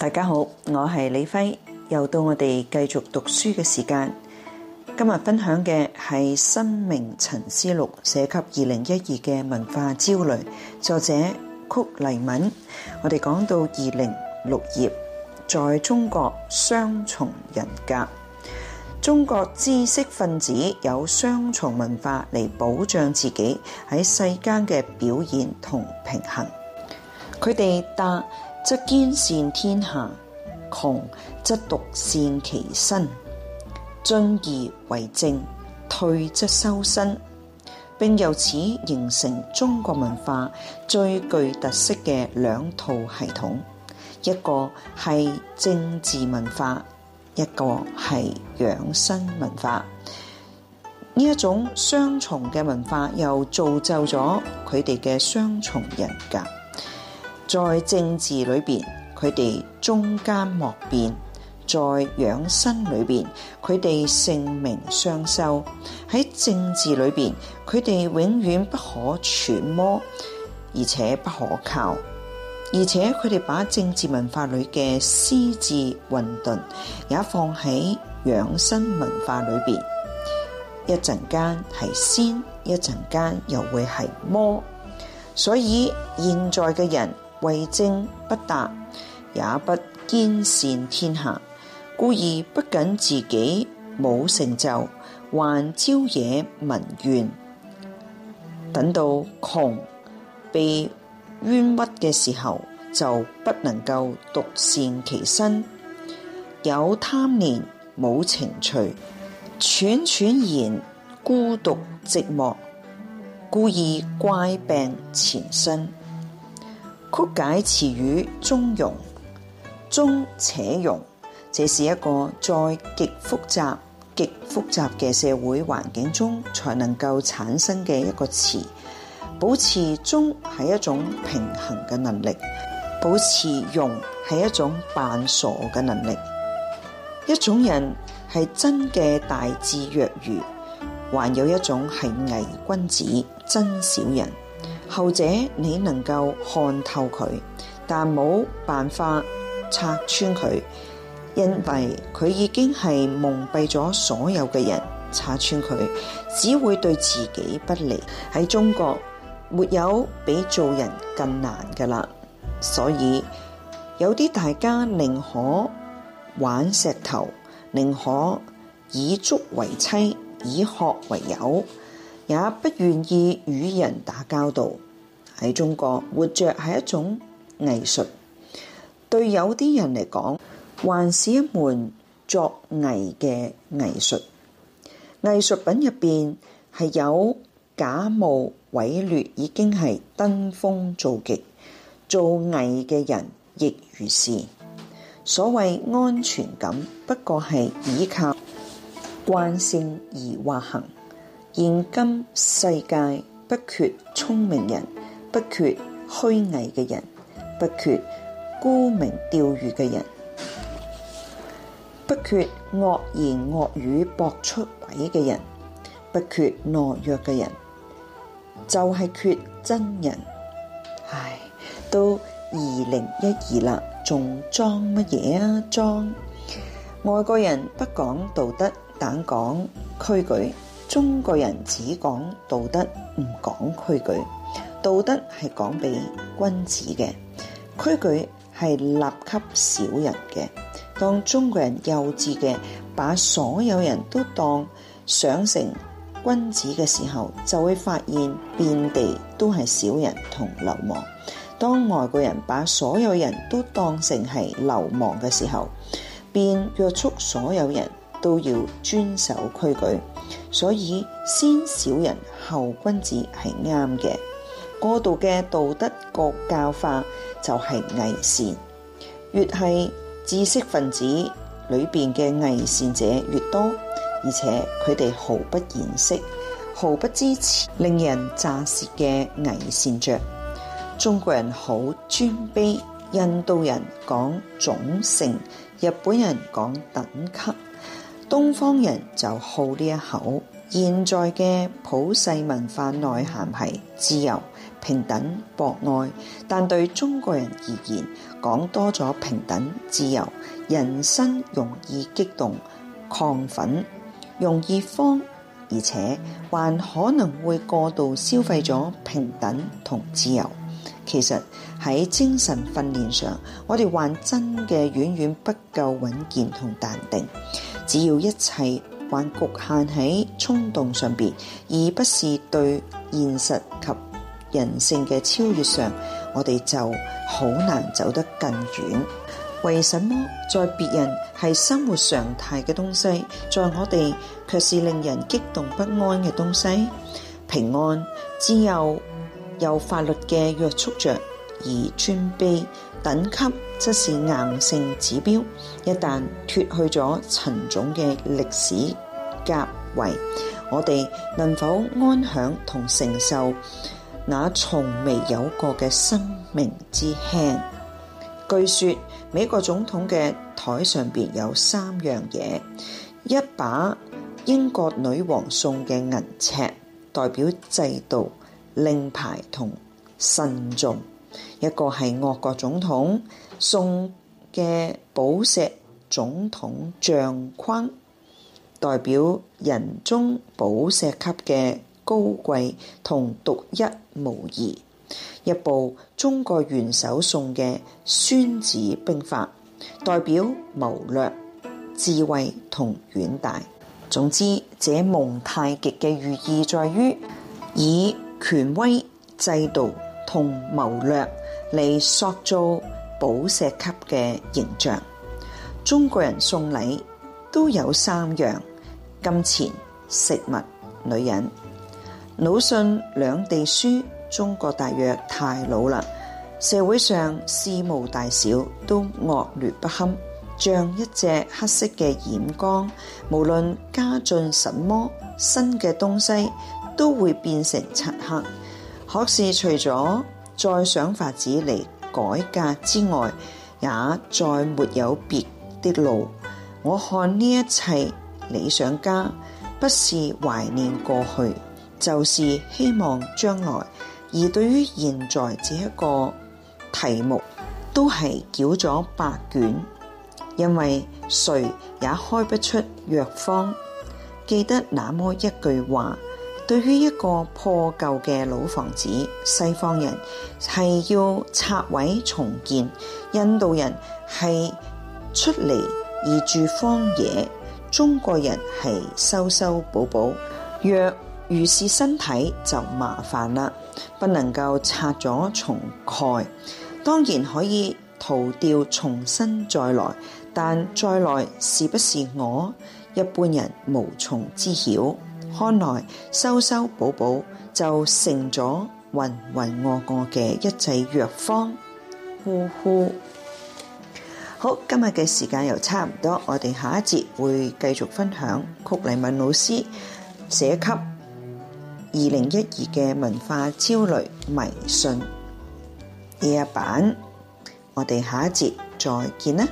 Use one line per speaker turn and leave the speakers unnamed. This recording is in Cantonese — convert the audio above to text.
大家好，我係李輝，又到我哋繼續讀書嘅時間。今日分享嘅係《生命沉思錄》，寫給二零一二嘅文化焦慮，作者曲黎敏。我哋講到二零六頁，在中國雙重人格，中國知識分子有雙重文化嚟保障自己喺世間嘅表現同平衡。佢哋答，則兼善天下，窮則獨善其身。進而為政，退則修身，並由此形成中國文化最具特色嘅兩套系統：一個係政治文化，一個係養生文化。呢一種雙重嘅文化，又造就咗佢哋嘅雙重人格。在政治裏邊，佢哋忠奸莫辨；在養生裏邊，佢哋性命相修。喺政治裏邊，佢哋永遠不可揣摩，而且不可靠。而且佢哋把政治文化裏嘅私字混沌，也放喺養生文化裏邊。一陣間係仙，一陣間又會係魔。所以現在嘅人。為政不達，也不兼善天下，故意不僅自己冇成就，還招惹民怨。等到窮被冤屈嘅時候，就不能夠獨善其身，有貪念冇情趣，喘喘然孤獨寂寞，寞，故意怪病纏身。曲解詞語中庸，中且庸，這是一個在極複雜、極複雜嘅社會環境中才能夠產生嘅一個詞。保持中係一種平衡嘅能力，保持庸係一種扮傻嘅能力。一種人係真嘅大智若愚，還有一種係偽君子、真小人。後者你能夠看透佢，但冇辦法拆穿佢，因為佢已經係蒙蔽咗所有嘅人。拆穿佢只會對自己不利。喺中國沒有比做人更難㗎喇，所以有啲大家寧可玩石頭，寧可以足為妻，以殼為友。也不願意與人打交道。喺中國，活着係一種藝術，對有啲人嚟講，還是一門作藝嘅藝術。藝術品入邊係有假冒偽劣，已經係登峰造極。做藝嘅人亦如是。所謂安全感，不過係倚靠慣性而劃行。現今世界不缺聰明人，不缺虛偽嘅人，不缺沽名釣譽嘅人，不缺惡言惡語博出位嘅人，不缺懦弱嘅人，就係、是、缺真人。唉，都二零一二啦，仲裝乜嘢啊？裝外國人不講道德，但講規矩。中國人只講道德，唔講規矩。道德係講俾君子嘅，規矩係立給小人嘅。當中國人幼稚嘅把所有人都當想成君子嘅時候，就會發現遍地都係小人同流氓。當外國人把所有人都當成係流氓嘅時候，便約束所有人。都要遵守規矩，所以先小人後君子係啱嘅。過度嘅道德國教化就係偽善，越係知識分子裏邊嘅偽善者越多，而且佢哋毫不掩飾、毫不支持令人咋舌嘅偽善着。中國人好尊卑，印度人講種姓，日本人講等級。東方人就好呢一口，現在嘅普世文化內涵係自由、平等、博愛，但對中國人而言，講多咗平等、自由，人生容易激動、亢奮，容易慌，而且還可能會過度消費咗平等同自由。其實喺精神訓練上，我哋還真嘅遠遠不夠穩健同淡定。只要一切還局限喺衝動上邊，而不是對現實及人性嘅超越上，我哋就好難走得更遠。為什麼在別人係生活常態嘅東西，在我哋卻是令人激動不安嘅東西？平安、自由。有法律嘅約束着，而尊卑等級則是硬性指標。一旦脫去咗沉重嘅歷史隔圍，我哋能否安享同承受那從未有過嘅生命之輕？據說美國總統嘅台上邊有三樣嘢：一把英國女王送嘅銀尺，代表制度。令牌同慎重，一個係俄國總統送嘅寶石總統像框，代表人中寶石級嘅高貴同獨一無二；一部中國元首送嘅《孫子兵法》，代表謀略、智慧同遠大。總之，這蒙太極嘅寓意在於以。權威制度同謀略嚟塑造寶石級嘅形象。中國人送禮都有三樣：金錢、食物、女人。魯迅兩地書，中國大約太老啦。社會上事務大小都惡劣不堪，像一隻黑色嘅染缸，無論加進什麼新嘅東西。都會變成漆黑，可是除咗再想法子嚟改革之外，也再沒有別的路。我看呢一切理想家，不是懷念過去，就是希望將來。而對於現在這一個題目，都係繳咗白卷，因為誰也開不出藥方。記得那麼一句話。對於一個破舊嘅老房子，西方人係要拆毀重建；印度人係出嚟而住荒野；中國人係修修補補。若如是身體就麻煩啦，不能夠拆咗重蓋。當然可以逃掉重新再來，但再來是不是我？一般人無從知曉。看來修修補補就成咗渾渾噩噩嘅一切藥方，呼呼！好，今日嘅時間又差唔多，我哋下一節會繼續分享曲黎敏老師寫給二零一二嘅文化焦慮迷信夜版，我哋下一節再見啦。